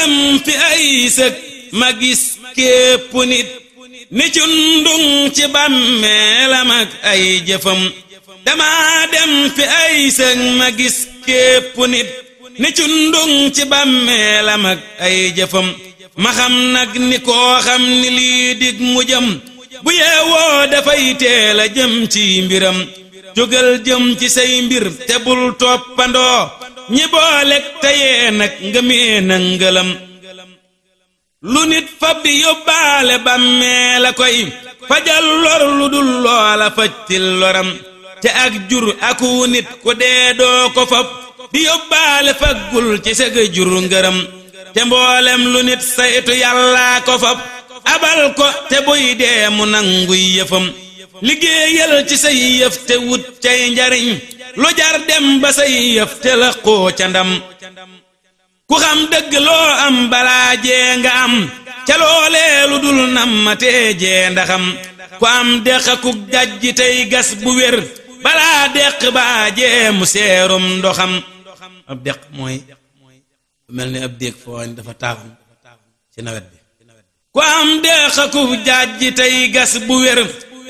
dem fi ay ma gis képp nit ni cundung ci bàmmeelam ak ay dama dem fi ay sëg ma ni cundung ci bàmmeelam ak ay jëfam ma ni koo xam mu jëm bu yeewoo dafay teel jëm ci mbiram jógal jëm ci say mbir te bul toppandoo ñi booleeg teyee nag ngëmee na ngëlam lu nit fa bi yóbbaale bàmmee la koy fajal lor lu du loola fajtil loram te ak jur aku nit ku dee doo ko fab di yóbbaale faggul ci sëg jur ngërëm te mboolem lu nit saytu yàllaa ko fab abal ko te buy dee mu nanguy yëfam liggéeyal ci say yëf te wut cay njariñ lu jar dem ba say yëf te la xoo ca ndam ku xam dëgg loo am balaa jee nga am ca loolee lu dul nammatee jee ndaxam ku am dex akuk jajji tey gas bu wér balaa deq baa jee mu seerum ndoxam deq mooy mel ni ab déeg fooñ dafa taaxum ci nawet ku am dex akuk jajji tey gas bu wér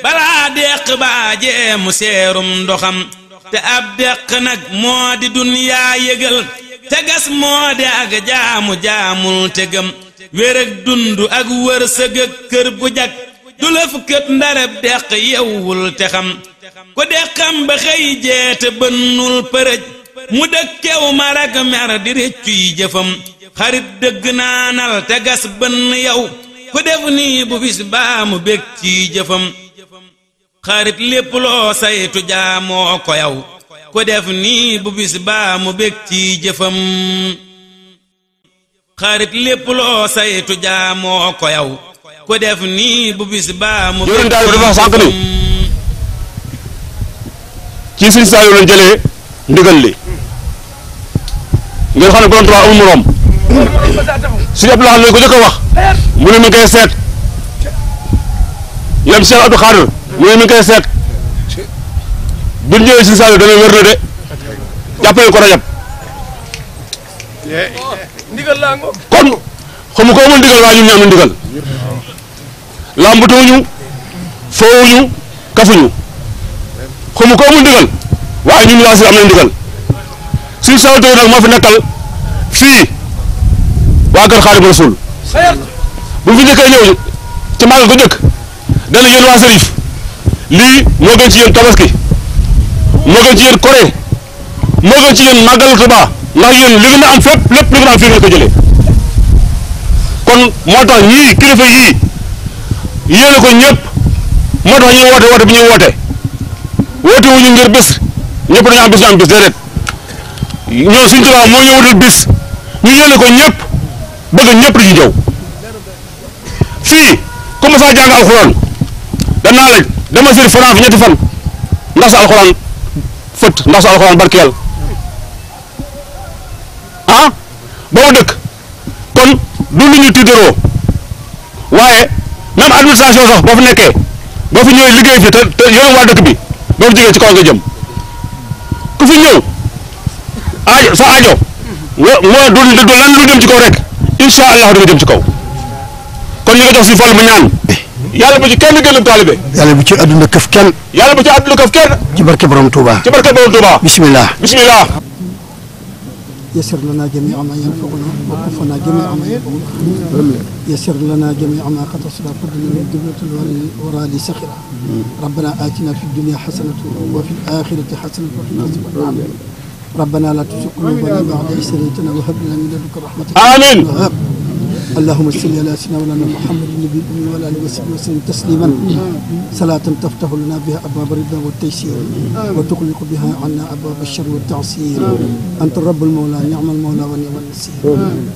balaa deq baa jee seerum ndoxam te ab deq nag moo di dunyaa yëgal te gas moo di ak jaamu jaamul te gëm wér ak dund ak wërsëg ak kër gu jag du lëf kët ndarab deq yewwul te xam ku deqam ba xëy jeete bënnul përëj mu dëkkew mar ak mer di réccuy jëfam xarit dëgg naanal te gas bënn yow ku def nii bu bis baa mu bég xarit lépp loo saytu jaamoo ko yaw ku def nii bu bis baa mu bég ci jëfam loo ci suñ saa yu jëlee ndigal li ngeen xam ne borom Tuubaa amul morom suñu Abdou Lahad lañ ko jëkk a wax mu ne mi ngi koy seet yam Cheikh mu ne mi seet bu ñu si saa yu dana wér na de jàppale ko rajab kon xamu ko amul ndigal waaye ñun ñu am na ndigal làmbatuwuñu foowuñu kafuñu xamu ko amul ndigal waaye ñun laa si am na ndigal suñu sawto nag moo fi nekkal fii waa kër Xaadimu Rasuul bu fi njëkkee ñëw ci màggal ko njëkk dana yéen waa Serif lii moo gën ci yéen tabaski moo gën ci yéen koré moo gën ci yéen màggal Tuubaa ndax yéen li ngeen am fépp lépp li ngeen am fii ngeen ko jëlee kon moo tax ñii kilifa yii yéene ko ñëpp moo tax ñuy woote woote bi ñuy woote wu ñu ngir bés ñëpp dañu am bés ñu am bés ñu wutal ko ñëpp bëgg ñëpp di ci jëw fii comme ça jàng alxuraan danaa la. dama sir fanaa fi ñetti fan ndax sa alxuraan fët ndax alxuraan barkeel ah ba ma dëkk kon du lu ñu tiitaroo waaye même administration sax boo fi nekkee boo fi ñëwee liggéey fi te te yoonu waa dëkk bi boo fi jógee ci kaw nga jëm ku fi ñëw aajo sa aajo mooy du du lan lu jëm ci kaw rek incha allah du nga jëm ci kaw kon ñu nga si fal ñaan yàlla bu ci kenn gëlum taalibe yàlla bu ci àdduna këf kenn yàlla bu ci àdduna këf kenn ci barke borom Touba ci يسر لنا جميع ما ينفعنا وكفنا جميع ما يسر لنا جميع ما قد أصلح قدنا من الدنيا الورى لسخرة ربنا آتنا في الدنيا حسنة وفي الآخرة حسنة وفي ربنا لا تسقنا قلوبنا بعد إذ وهب لنا من لدنك رحمة آمين اللهم صل على سيدنا مولانا محمد النبي الامي وعلى اله وصحبه وسلم تسليما صلاه تفتح لنا بها ابواب الرضا والتيسير وتغلق بها عنا ابواب الشر والتعسير انت الرب المولى نعم المولى ونعم النصير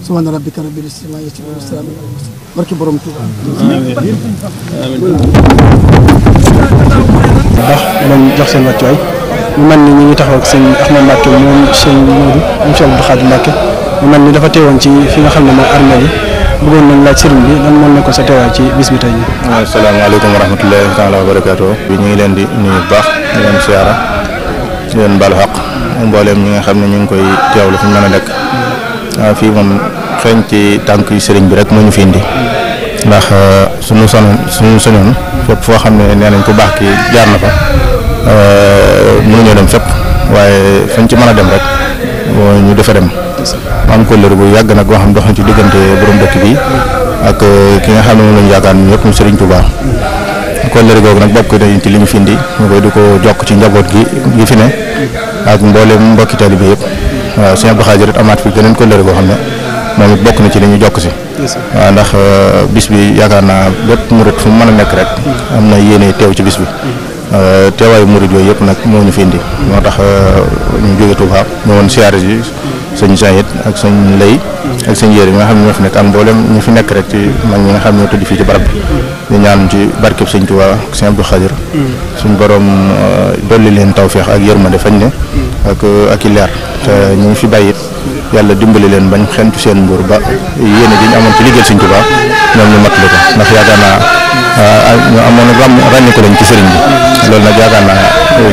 سبحان ربك رب العزه عما يصفون والسلام على المرسلين بركي امين امين امين امين امين امين امين امين امين امين ni امين امين taxaw ak امين امين Mbacke moom امين امين امين امين Abdou Khadim Mbacke امين امين ni dafa teewoon ci fi nga xam ne mooy armée yi bëggoon nañ laaj sëriñ bi lan moo nekkoon sa teewaay ci bis bi tey waaw asalaamaaleykum wa rahmatullahi taala wa barakatuh bi ñu ngi leen di nuyu baax di leen siyaara di leen balu xaq mboolem ñi nga xam ne ñu ngi koy teewlu fu ñu mën a ah, nekk waaw fii moom xeeñ ci tànk yu sëriñ bi rek moo ñu fi indi ndax suñu son suñu soñoon fépp foo xam ne nee nañ ku baax ki jaar na fa eh, mënuñoo ya dem fépp waaye fañ ci mën a dem rek ñu defa dem ma am kóllëre bu yàgg nag boo xam dox na ci diggante borom dëkk bi ak euh, ki nga xam ne moom lañu yaakaar ñun ñëpp mu Serigne Touba kóllëre googu nag bokk nañ ci li ñu findi ñu koy di ko jokk ci njaboot gi gi fi ne ak mboole mu mbokki taalibe yëpp waaw Serigne Abdou Khadre amaat fi geneen kóllëre goo xam ne moom it bokk na ci li ñu jokk si waaw ndax euh, bis bi yaakaar naa bépp murit fu mu mën a nekk rek am na yéene teew ci bis bi mm-hmm. euh, teewaayu murit yooyu yëpp nag moo ñu fi indi moo tax ñu jóge Touba ñëwoon siyaare ji sëñ Zahid ak sëñ Lay ak sëñ Yéri nga xam ne ñoo fi nekk ak mboolem ñu fi nekk rek ci mag ñi nga ci barab di ñaan ci barkeb sëñ Touba ak sëñ Abdou Khadir suñ borom euh, dolli leen tawféex ak yërmande fañ ne ak euh, ak i leer te ñu fi bàyyi yàlla dimbali leen bañ xentu seen mbuur ba yéene ji ñu amoon ci liggéeyal sëñ Touba ñoom ñu mat ko ndax yaakaar naa euh, ñu amoon ram ràññi ko lañ ci sëriñ bi loolu nag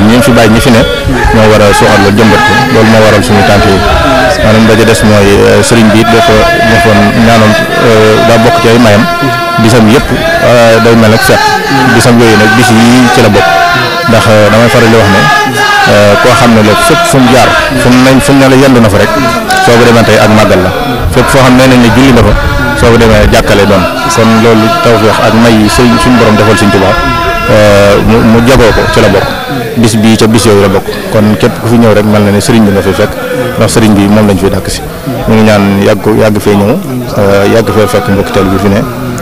ñi fi bàyyi ñi fi ne ñoo war a suuxal jëmbat ko loolu waral suñu maanaam daja des mooy euh, sëriñ bi it dafa defoon ñaanoon euh, daa bokk ci ay mayam bisam yëpp euh, day mel set fet bisam yooyu nag bis yi ci la bokk ndax damay faral di wax ne koo xam ne la fépp fu mu jaar nañ fu mu ne la na fa soo ko demee ak màggal la fépp foo xam ne nañ ne julli na fa soo ko demee jàkkale doon kon loolu tawfeex ak may yi suñ suñ borom defal suñ Tuubaa mu mu jagoo ko ci la bokk bis bi ca bis yooyu la bok kon kep ku fi ñew rek mel na ni serigne bi nga fi fek ndax serigne bi mom lañ fi dakk ci ñu ngi ñaan yag yàgg fee ñëw euh, yag fi fek mbok tal bi fi ne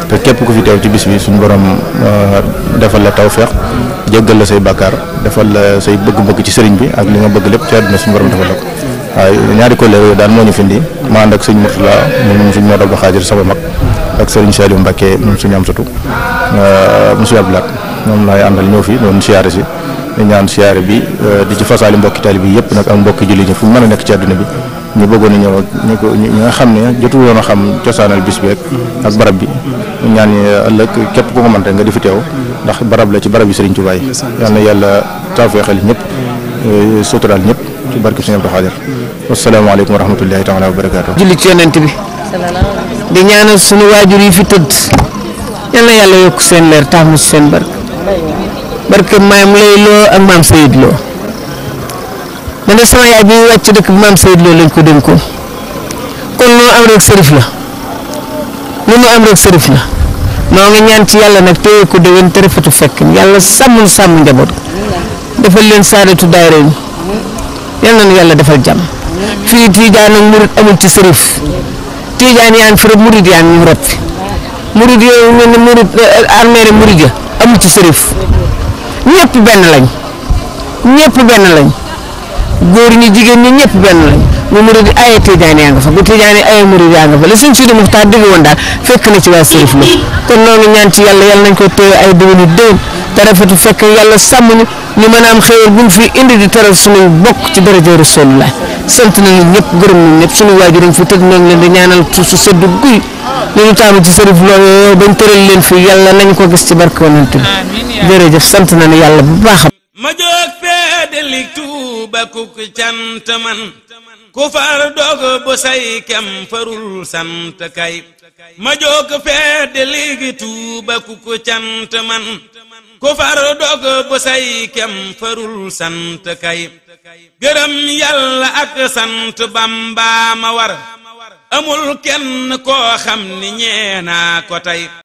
te kep ku fi tew ci bis bi suñu borom euh, defal la tawfiq jéggal la say bakkar defal la say bëgg-bëgg ci serigne bi ak li nga bëgg lepp ci aduna suñu borom defal la ko waaye ñaari collègue yooyu daan moo ñu findi ma and ak sëñ Mourtala moom suñ moo dog xaajir sama mak ak serigne Saliou Mbacke moom suñu am euh monsieur Abdoulaye moom lay andal ñofi fi ci siyaare si ñaan siyaare bi eh, di ci fasaali mbokki tali bi yëpp nag am mbokki julli ñi fu mën a nekk ci àdduna bi ñu bëggoon a ñëw ñu ko ñi nga xam ne jotu woon a xam cosaanal bis ak barab bi ñaan ëllëg képp ku ko mën rek nga di ndax barab la ci barab yi Serigne Touba yi yal yàlla taafeexal ñëpp eh, suturaal ñëpp ci barke Serigne Abdou Khadir wasalaamaaleykum wa rahmatullahi taala wa barakaatu julli ci yonent bi di ñaanal sunu waajur yi fi tëdd yal yàlla yokk seen leer taamu seen barke barke maam lay loo ak maam Sayid loo ma ne sama yaay bi ñu wàcc dëkk maam Sayid loo lañ ko dénkoon kon noo am rek sërif la lu nu am rek sërif la noo ngi ñaan ci yàlla nag téye ko déwén fekk yàlla sàmm sàmm njaboot defal leen saadatu daayira yi yal na nu yàlla defal tiijaan ci sërif tiijaan yaan fi rek murit yaan ñu rot murit yooyu eh, armeere murit ya amul ci sërif ñëpp benn lañ ñëpp benn lañ góor ñi jigéen ñi ñëpp benn lañ mu murid ay tijaani yaa nga fa bu tijaani ay murid yaa nga fa la suñ Sidi Muxtaar dégg woon daal fekk na ci waa Serif la kon noonu ñaan ci yàlla yàlla nañ ko téye ay déwénu déwén te rafetu fekk yàlla sàmm ñu ñu mën a am xéwal fi indi di teral suñuy bokk ci daraja Rasulullah sant nañu ñëpp gërëm nañu ñëpp suñu waajur ñu fi tëj ñoo ngi leen di ñaanal su sedd guy li ñu taamu ci Serif loolu bañ tëral leen fi yàlla nañ ko gis ci barke jërëjëf sant nañu yàlla bu baax ma jóg feedali tuuba kuk cant man ku far dog bu say kem farul sant kay ma man ku far farul sant kay gërëm yàlla ak sant bamba ma war amul kenn koo xam ni ñeenaa ko tey